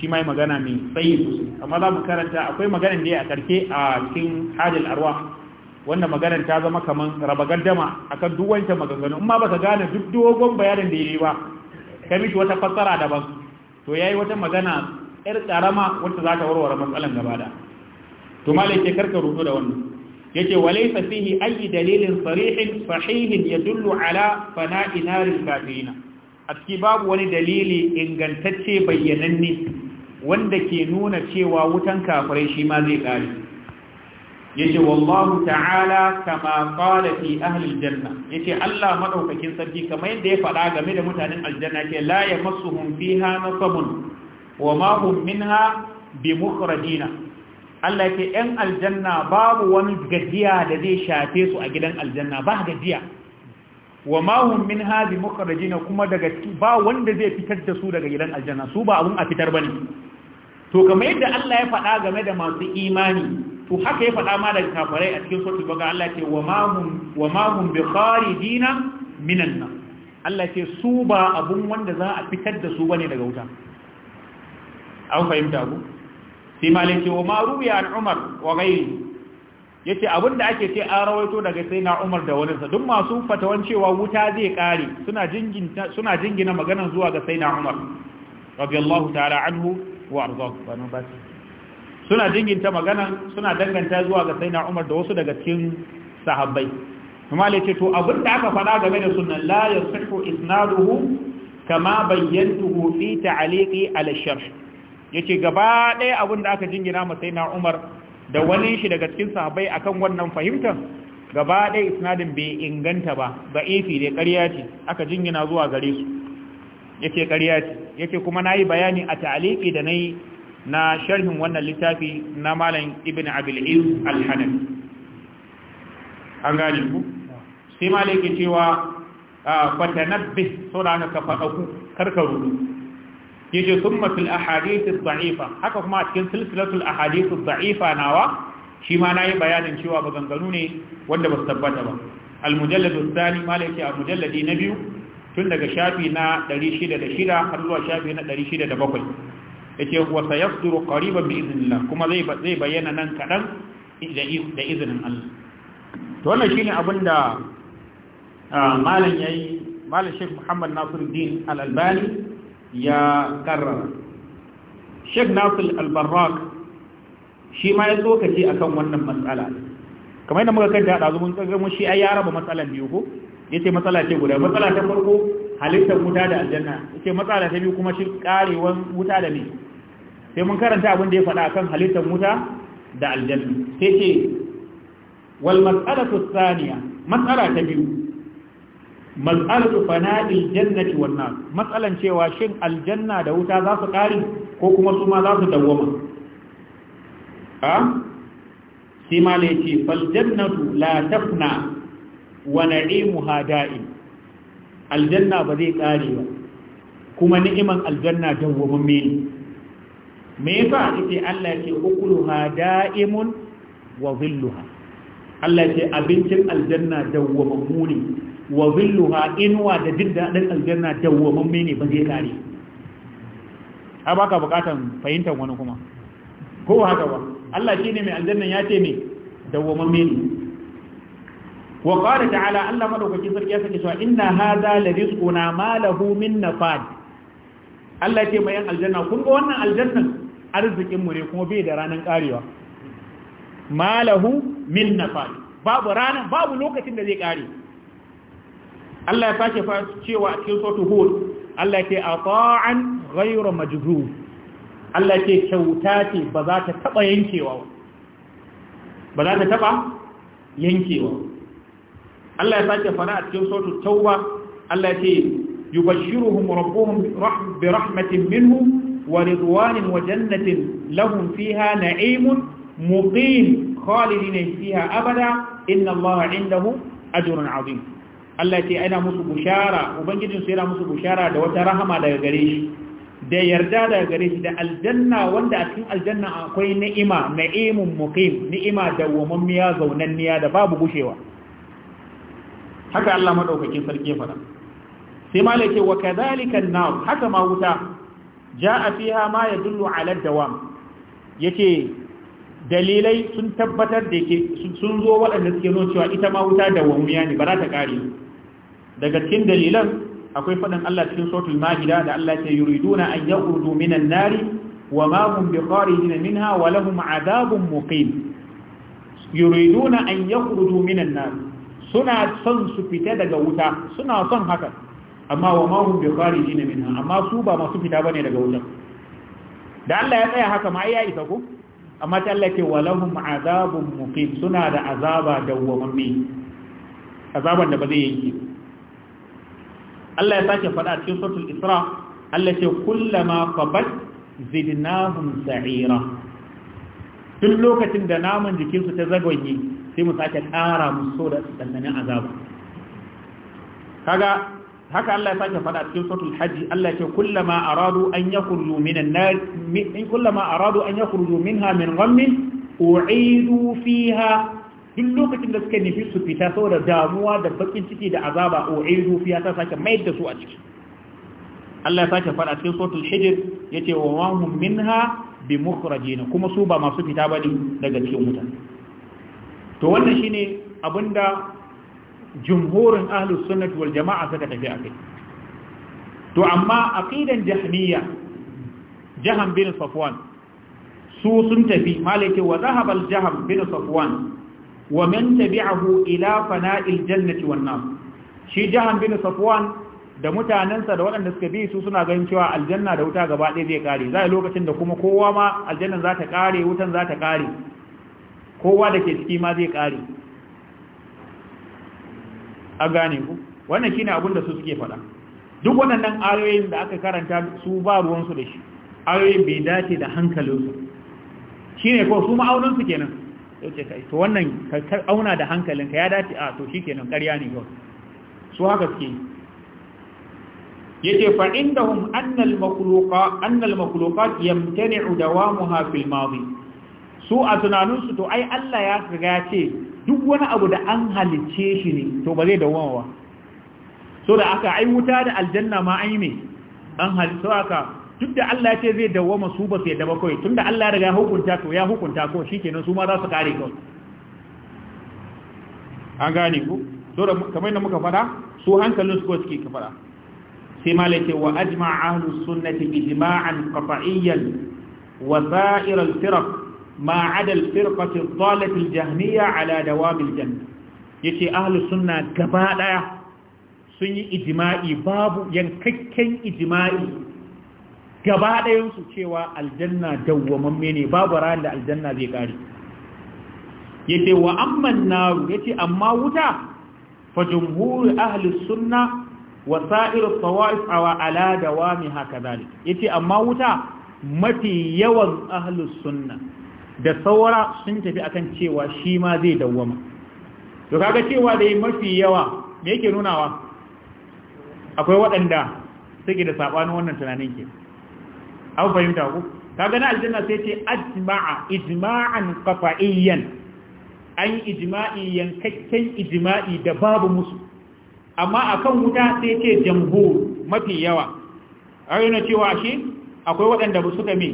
shi ma yi magana mai tsayi sosai amma za mu karanta akwai maganan da ya karke a cikin hadil arwa wanda maganan ta zama kaman raba gaddama akan duk wancan maganganu amma ka gane duk dogon bayanin da ya yi ba kai mishi wata fassara daban to yayi wata magana yar karama wacce za ta warware matsalan gaba da to malai ke karka rubu da wannan yace walaysa fihi ayi dalilin sarihin sahihin yadullu ala fana'i naril kafirin a ciki babu wani dalili ingantacce bayyananne wanda ke nuna cewa wutan kafirai shi ma zai kare yace wallahu ta'ala kama qala fi ahli aljanna yace Allah madaukakin sarki kamar yadda ya faɗa game da mutanen aljanna ke la yamassuhum fiha nasabun wa ma hum minha bimukhrajina Allah yake ɗan aljanna babu wani gajiya da zai shafe su a gidan aljanna ba gajiya wa ma hum minha bimukhrajina kuma daga ba wanda zai fitar da su daga gidan aljanna su ba abun a fitar bane to kamar yadda Allah ya faɗa game da masu imani to haka ya faɗa ma daga kafarai a cikin sautu baga Allah ce wa bai bi kharijina minan nan Allah ce su ba abun wanda za a fitar da su bane daga wuta an fahimta ku sai lai ce wa maru ya an umar wa gairi ce abin da ake ce an rawaito daga sai na umar da wani sa duk masu fatawan cewa wuta zai kare suna jingina maganan maganar zuwa ga sai na umar radiyallahu ta'ala anhu wa suna dinginta magana suna danganta zuwa ga sai na umar da wasu daga cikin sahabbai kuma ce to abin da aka faɗa game da sunan la ya sahu isnaduhu kama bayyantuhu fi ta'liqi ala sharh yace gaba ɗaya abin da aka jingina ma sai na umar da wani shi daga cikin sahabbai akan wannan fahimtar gaba ɗaya isnadin bai inganta ba ba ifi da ƙarya ce aka jingina zuwa gare su yace ƙarya ce yace kuma nayi bayani a ta'liqi da na yi. na sharhin wannan littafi na malam ibn abil'iz al-hanafi an gane ku sai malam yake cewa ah, fatanabbi saboda ka faɗaku karkaru yaje thumma fil ahadith ad-da'ifa haka kuma a cikin silsilatul ahadith ad-da'ifa nawa shi ma nayi bayanin cewa ba gangaru ne wanda ba su tabbata ba al-mujallad ath-thani malaki a mujalladi na biyu tun daga shafi na 606 har zuwa shafi na 607 yace wa sayasduru qariban bi idnillah kuma zai zai bayyana nan kadan da izinin Allah to wannan shine abinda ah, malam yayi malam Sheikh Muhammad Nasiruddin Al-Albani ya karrara Sheikh Nasir Al-Barrak shi ma ya tsokace akan wannan matsala kamar yadda muka kanta da zuwa mun shi ai ya raba matsalan biyu ko yace matsala ce guda matsala ta farko halittar wuta da aljanna yace matsala ta biyu kuma shi karewan wuta da ne sai mun karanta abin da ya faɗa kan halittar wuta da aljanna sai ce wal mas'alatu thaniya mas'ala ta biyu mas'alatu fana'il jannati wan nar mas'alan cewa shin aljanna da wuta za su kare ko kuma su ma za su dawwama a sai ma la yace fal jannatu la tafna wa na'imuha da'im aljanna ba zai kare ba kuma ni'iman aljanna dawwamamme ne me yasa ita Allah ce ukuluha da'imun wa zilluha Allah ce abincin aljanna dawwamammu ne wa zilluha inuwa da duk daɗin aljanna dawwamamme ne ba zai kare a baka bukatan fahimtar wani kuma ko haka ba Allah ne mai aljanna ya ce ne dawwamamme ne wa qala ta'ala Allah madaukakin sarki ya sake cewa inna hadha la rizquna ma lahu min nafad Allah ce mai aljanna kun ga wannan aljannan arzikin mu ne kuma bai da ranan karewa malahu min nafal babu ranan babu lokacin da zai kare Allah ya sake cewa a cikin suratul hud Allah ke ata'an ghayra majzub Allah ke kyauta ce ba za ta taba yankewa ba za ta taba yankewa Allah ya sake fara a cikin suratul tauba Allah ke yubashshiruhum rabbuhum bi rahmatin minhu ورضوان وجنة لهم فيها نعيم مقيم خالدين فيها أبدا إن الله عنده أجر عظيم التي أنا مسو بشارة وبنجد سيرا مسو بشارة دوات رحمة دا غريش دا يرجع دا غريش دا الجنة واندا أتكين الجنة أقوي نئمة نئيم مقيم نئمة دو مميا زوننيا دا باب بشيوة haka Allah madaukakin sarki fara sai malai ce wa kadhalika an-nar haka ma wuta ja'a fiha ma yadullu ala dawam yake dalilai sun tabbatar da yake sun zo waɗanda suke nuna cewa ita ma wuta da wamiya ne ba za ta kare daga cikin dalilan akwai faɗin Allah cikin suratul maida da Allah ya yuriduna an yaqudu minan nari wa hum bikharijin minha wa lahum adabun muqim yuriduna an yaqudu minan nari suna son su fita daga wuta suna son haka amma wa ma hum bi kharijin minha amma su ba masu fita bane daga wutar da Allah ya tsaya haka ma ya isa ku? amma ta Allah ce walahum azabun muqim suna da azaba dawwamamme azaban da ba zai yanki. Allah ya sake faɗa cikin suratul Isra Allah ce kullama qabat zidnahum sa'ira duk lokacin da naman jikinsu ta zagwanye sai mu sake mu musu da tsananin azaba kaga haka Allah ya sake faɗa cikin suratul hajji Allah ya ce kullama aradu an yakhruju minan nar min kullama aradu an yakhruju minha min ghammin u'idu fiha duk lokacin da suka nufi su fita saboda damuwa da bakin ciki da azaba u'idu fiha ta sake mayar da su a ciki Allah ya sake faɗa cikin suratul hijr yace wa ma hum minha bimukhrajin kuma su ba masu fita bane daga cikin wuta to wannan shine abinda jumhurin ahlus sunnah wal jama'a suka tafi akai to amma aqidan jahmiya jaham bin safwan su sun tafi malike wa zahab al jaham bin safwan wa man tabi'ahu ila fana'il jannati wan nar shi jaham bin safwan da mutanansa da waɗanda suka bi su suna ganin cewa aljanna da wuta gaba ɗaya zai kare za lokacin da kuma kowa ma aljannan za ta kare wutan za ta kare kowa da ke ciki ma zai kare a gane ku wannan shine abin da su suke faɗa duk waɗannan ayoyin da aka karanta su ba ruwansu da shi ayoyin bai dace da hankalinsu shi ne ko su ma'auninsu kenan Ya ce kai to wannan ka auna da hankalinka ya dace a to shi kenan ƙarya ne kawai su haka suke Ya ce fa indahum annal al makhluqa anna al makhluqat yamtani'u dawamuha fil madi su a tunanin su to ai Allah ya riga ya ce duk wani abu da an halicce shi ne to ba zai dawama ba so da aka ai wuta da aljanna ma ai mai, an halitta aka duk da Allah ya ce zai dawama su ba su yadda ba kawai tunda Allah ya riga hukunta to ya hukunta ko shikenan su ma za su kare kawai an gane ku so da kamar yadda muka fada su hankalin su ko suke ka fada sai malai ce wa ajma'a ahlus sunnati ijma'an qat'iyyan wa sa'ir al-firaq ma adal firqati dhalatil jahmiya ala dawamil janna yace ahlus sunna gaba daya sun yi ijma'i babu yankakken ijma'i gaba dayan su cewa aljanna dawwamamme ne babu ran da aljanna zai kare yace wa amman naru yace amma wuta fa jumhur ahli sunna wa sa'ir tawaif awa ala dawami hakadhalik yace amma wuta mafi yawan ahli sunna da saura sun tafi akan cewa shi ma zai dawwama to kaga cewa da mafi yawa me yake nunawa akwai waɗanda suke da sabanin wannan tunanin ke an fahimta ku kaga na aljanna sai ce ajma'a ijma'an qafa'iyyan an ijma'i yankakken ijma'i da babu musu amma akan wuta sai ce jamhur mafi yawa ayyana cewa shi akwai waɗanda suka me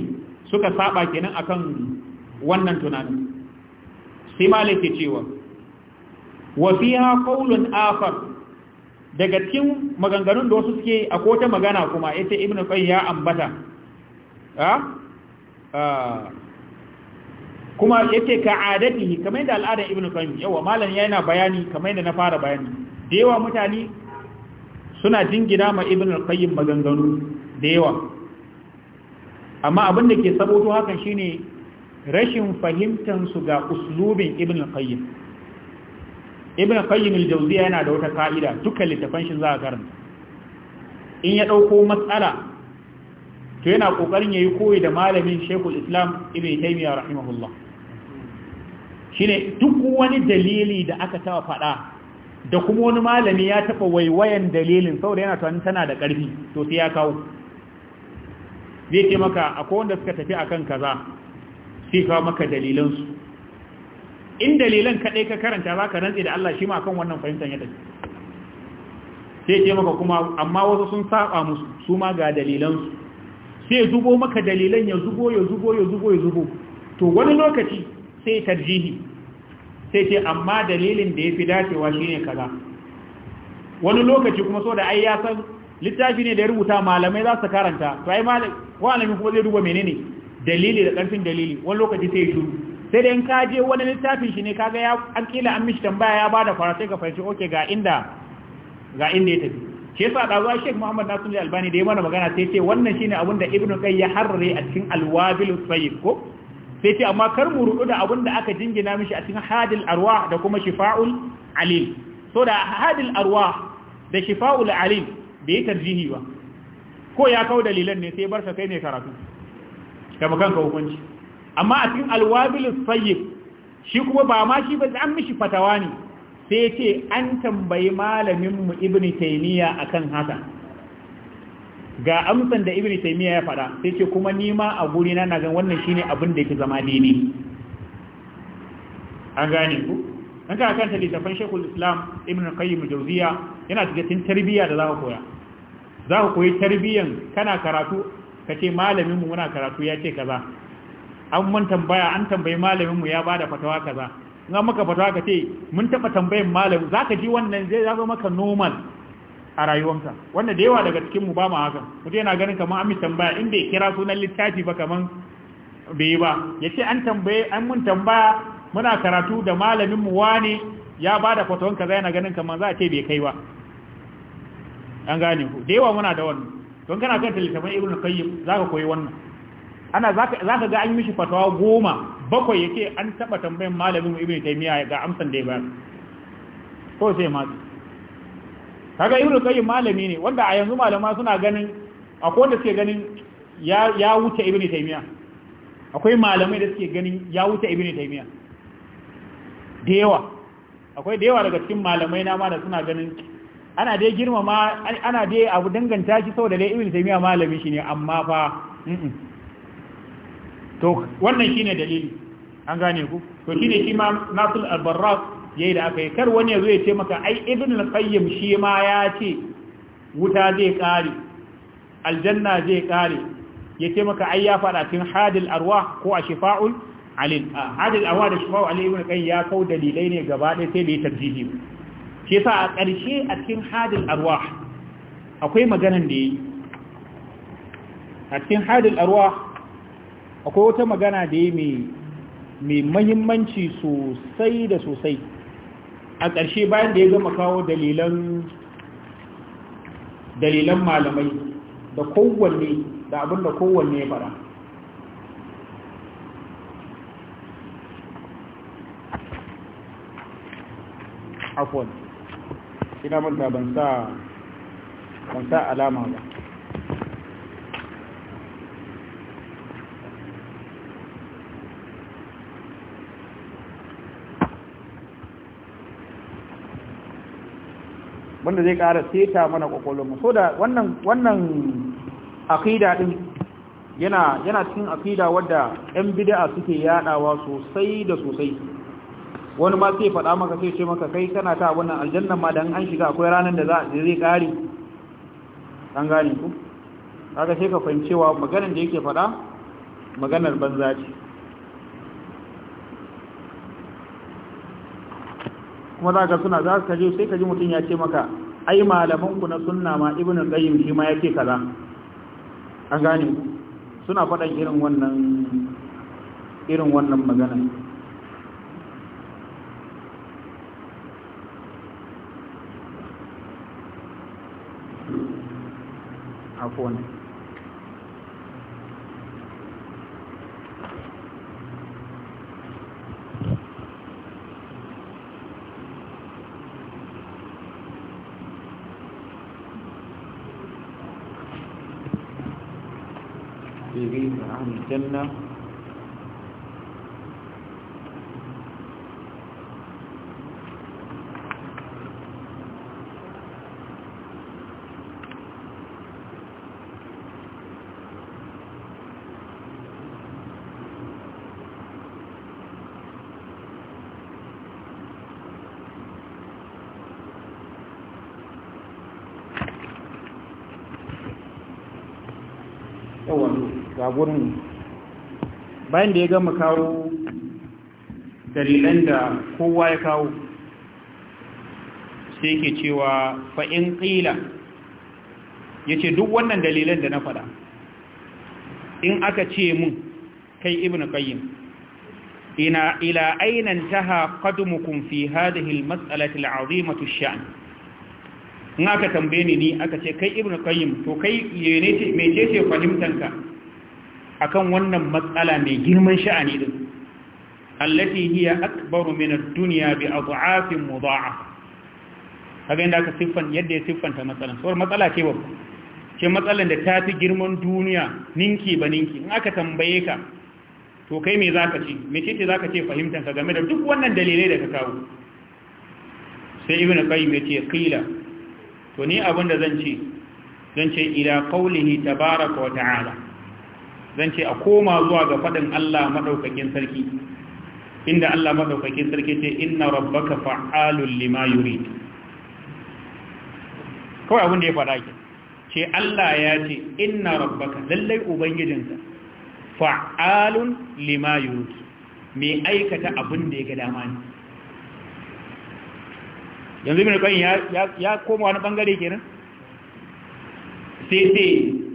suka saba kenan akan wannan tunanin sai malai cewa wa fiha qawlun akhar daga cikin maganganun da wasu suke a kota magana kuma yace ibn qayyim ya ambata kuma yace ka adatihi kamar yadda al'ada ibn qayyim yawa malam yana bayani kamar yadda na fara bayani da yawa mutane suna jingina ma ibn qayyim maganganu da yawa amma abin da ke sabo to hakan shine rashin fahimtansu ga uslubin ibn al-qayyim ibn al-qayyim al-jawziya yana da wata ka'ida dukkan littafan shi za a karanta in ya dauko matsala to yana kokarin yayi koyi da malamin Sheikhul Islam Ibn Taymiyyah rahimahullah shine duk wani dalili da aka taba fada da kuma wani malami ya taba waiwayan dalilin saboda yana tunanin tana da karfi to sai ya kawo zai ce maka akwai wanda suka tafi akan kaza sai kawo maka dalilansu in dalilan kaɗai ka karanta ba ka rantse da Allah shi ma kan wannan fahimtar ya tafi sai ce maka kuma amma wasu sun saba musu su ma ga dalilansu sai zubo maka dalilan ya zubo ya zubo ya zubo ya zubo to wani lokaci sai tarjihi sai ce amma dalilin da ya fi dacewa shi ne kaza wani lokaci kuma so da ai ya san littafi ne da ya rubuta malamai za su karanta to ai malami kuma zai duba menene dalili da karfin dalili wani lokaci sai shuru sai da in ka je wani littafin shi ne kaga ya an kila an mishi tambaya ya bada fara sai ka fahimci oke ga inda ga inda ya tafi shi yasa da zuwa Sheikh Muhammad Nasir Albani da ya mana magana sai ce wannan shine abin da Ibn Qayyim ya harre a cikin Al-Wabil Sayyid ko sai ce amma kar mu rudu da abin da aka jingina mishi a cikin Hadil Arwah da kuma Shifa'ul Alil so da Hadil Arwah da Shifa'ul Alil bai tarjihi ba ko ya kawo dalilan ne sai bar sa kai ne karatu kai kanka hukunci amma a cikin alwabil sayyid shi kuma ba ma shi ba an mishi fatawa ne sai ce an tambayi malamin mu ibnu taymiya akan haka ga amsan da ibnu taymiya ya fada sai ce kuma nima a guri na na ga wannan shine abin da yake zama dini an gane ku an ka kanta littafin shekul islam ibn qayyim jawziya yana cikin tarbiyya da za ka koya za ka koyi tarbiyyan kana karatu ka ce malaminmu muna karatu ya ce kaza an mun tambaya an tambayi malaminmu ya ya bada fatawa kaza in an maka fatawa ka ce mun taba tambayin malamin zaka ji wannan zai zama maka normal a rayuwanka wanda da yawa daga cikin mu ba mu haka mutum yana ganin kamar an mi tambaya in bai kira sunan littafi ba kaman bai yi ba ya ce an tambaye an mun tambaya muna karatu da malaminmu wane ya da fatawan kaza yana ganin kamar za a ce bai kai ba an gane ku da yawa muna da wannan don kana kan talitaman ibn qayyim zaka koyi wannan ana zaka zaka ga an yi mishi fatawa goma bakwai yake an taba tambayan malamin ibn taymiya ga amsan da ya bayar ko sai ma kaga ibn qayyim malami ne wanda a yanzu malama suna ganin akwai wanda suke ganin ya ya wuce ibn taymiya akwai malamai da suke ganin ya wuce ibn taymiya da yawa akwai da yawa daga cikin malamai na ma da suna ganin ana dai girmama ana dai abu danganta shi saboda dai ibn taymiya malami shi ne amma fa to wannan shine dalili an gane ku to shine shi ma nasul al-barraq yayi da aka yi kar wani yazo ya ce maka ai ibn al-qayyim shi ma ya ce wuta zai kare aljanna zai kare ya ce maka ai ya fada cikin hadil arwah ko a shifa'ul alil hadil arwah da shifa'ul alil ibn qayyim ya kau dalilai ne gaba ɗaya sai bai tarjihi ke sa a ƙarshe a cikin hadin arwa akwai maganan da yi, a cikin hadin arwa akwai wata magana da yi mai mai muhimmanci sosai da sosai a ƙarshe bayan da ya gama kawo dalilan malamai da kowanne da abin da kowanne ya fara kina manta ban sa ban sa alama ba wanda zai kara seta mana mu so da wannan wannan aqida din yana yana cikin aqida wadda 'yan bid'a suke yadawa sosai da sosai wani ma sai faɗa maka sai ce maka kai kana ta wannan aljannan ma dan an shiga akwai ranar da za a zai kare an gane ku kaga sai ka fahimcewa maganar da yake faɗa maganar banza ce kuma za ka suna za ka je sai ka ji mutum ya ce maka ai malaman ku na sunna ma ibn qayyim shi ma yake kaza an gane ku suna faɗan irin wannan irin wannan magana عفوا في عن الجنة gurin bayan da ya gama kawo dalilan da kowa ya kawo sai ke cewa fa'in ƙila ya ce duk wannan dalilan da na fada in aka ce mun kai ibn qayyim ina ila aina intaha qadmukum fi hadhihi almas'alati al'azimati ash-sha'n in aka tambaye ni aka ce kai ibn qayyim to kai yene ce mecece fahimtanka akan wannan matsala mai girman sha'ani din allati hiya akbaru min ad-dunya bi ad'afin mudha'afa kaga inda aka siffan yadda ya siffanta matsalan sauran matsala ce babba ce matsalan da ta fi girman duniya ninki ba ninki in aka tambaye ka to kai me zaka ce me ce ce zaka ce fahimtanka game da duk wannan dalilai da ka kawo sai ibn qayyim yace qila to ni abin da zan ce zan ce ila qawlihi tabaaraka wa ta'ala zan ce a koma zuwa ga faɗin Allah maɗaukakin sarki inda Allah maɗaukakin sarki ce inna rabbaka fa'alul lima yurid kawai abin da ya faɗa ke ce Allah ya ce inna rabbaka lallai ubangijinka fa'alun lima yurid mai aikata abin da ya ga dama ne yanzu mai ya koma wani ɓangare kenan sai sai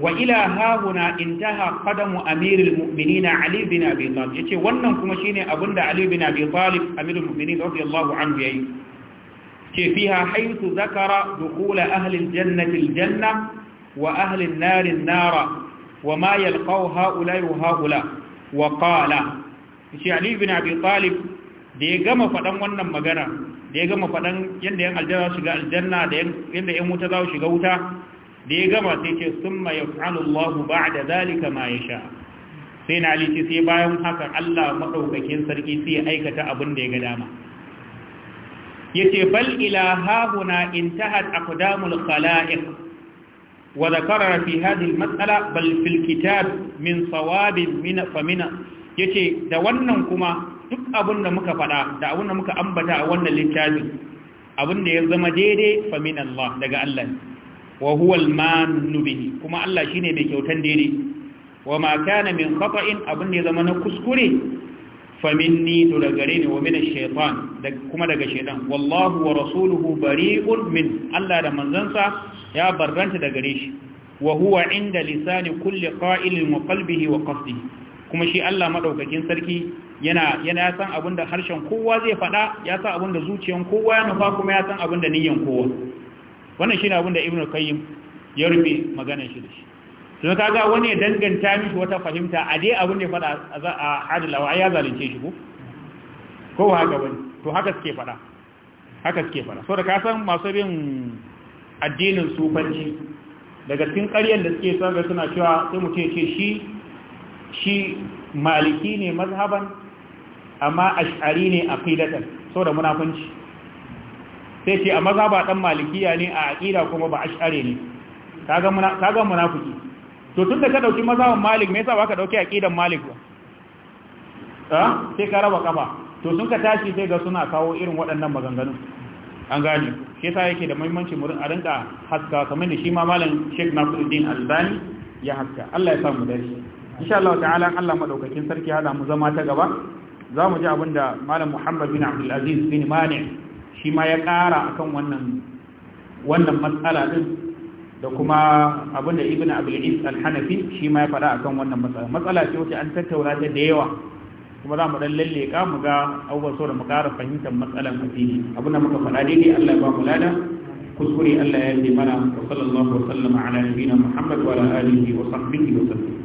wa ila hahuna intaha qadamu amiril mu'minina ali bin abi talib yace wannan kuma shine abunda ali bin abi talib amirul mu'minin radiyallahu anhu yayi ce fiha haythu zakara dukhul ahli aljannati aljanna wa ahli an-nar an-nara وما يلقوا ha'ula وهؤلاء وقال shi Ali bin Abi Talib da ya gama faɗan wannan magana da ya gama faɗan yadda yan aljanna shiga aljanna da yadda yan wuta za su shiga wuta da ya gama sai ce summa zalika ma sha sai na alici sai bayan haka Allah maɗaukakin sarki sai ya aikata abin da ya ga dama yace bal ila hauna intahat aqdamul khalaiq wa dhakara fi hadhihi masala bal fil min sawabin famina yace da wannan kuma duk abin da muka faɗa da abin da muka ambata a wannan littafin abin da ya zama daidai famin Allah daga Allah wa huwa al bihi kuma Allah shine mai kyautan daidai wa ma kana min khata'in abin da zama na kuskure fa minni to daga gare ni wa min ash-shaytan kuma daga shaytan wallahu wa rasuluhu bari'un min Allah da manzansa ya barranta daga gare shi wa huwa inda lisani kulli qa'ilin wa qalbihi wa qasdihi kuma shi Allah madaukakin sarki yana yana san abin da harshen kowa zai faɗa ya san abin da zuciyan kowa ya nufa kuma ya san abin da niyyan kowa wannan shi ne abin da ibnu qayyim ya rufe maganar shi da shi to kaga wani danganta mishi wata fahimta a dai abin da ya fada a hadilawa ya zalunce shi ko ko haka bane to haka suke fada haka suke fada so da ka san masu bin addinin sufanci daga cikin ƙaryar da suke sanar suna cewa sai mu ce shi shi maliki ne mazhaban amma ash'ari ne aqidatan so da munafunci sai ce a maza ba ɗan malikiya ne a aƙira kuma ba a are ne kagan muna kaga to tun da ka dauki wa malik me yasa ba ka a ƙidan malik ba ta sai ka raba kafa to sun ka tashi sai ga suna kawo irin waɗannan maganganun an gani shi yasa yake da muhimmanci murin a rinka haska kamar da shi ma malam Sheikh Nasruddin alzani ya haska Allah ya samu dace insha Allah ta'ala Allah madaukakin sarki hada mu zama ta gaba za mu ji da malam Muhammad bin Abdul Aziz bin Mani shi ma ya ƙara akan wannan wannan matsala din da kuma abinda ibn abdul al-hanafi shi ma ya faɗa akan wannan matsala matsala ce wace an tattaura ta da yawa kuma za mu lalle ka mu ga abubuwan mu ƙara fahimtar matsalan addini abin muka faɗa daidai Allah ya ba mu lada kuskure Allah ya yi mana wa sallallahu wa sallama ala nabiyina Muhammad wa ala alihi wa sahbihi wa sallam